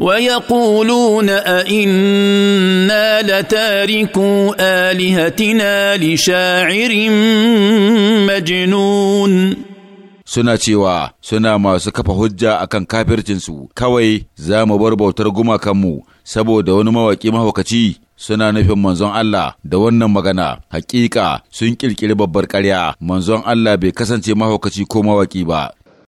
ويقولون أئنا لتاركو آلهتنا لشاعر مجنون Suna cewa suna masu kafa hujja a kan kafircinsu kawai za mu bar bautar gumakanmu saboda wani mawaƙi mahaukaci suna nufin manzon Allah da wannan magana hakika sun ƙirƙiri babbar ƙarya manzon Allah bai kasance mahaukaci ko mawaƙi ba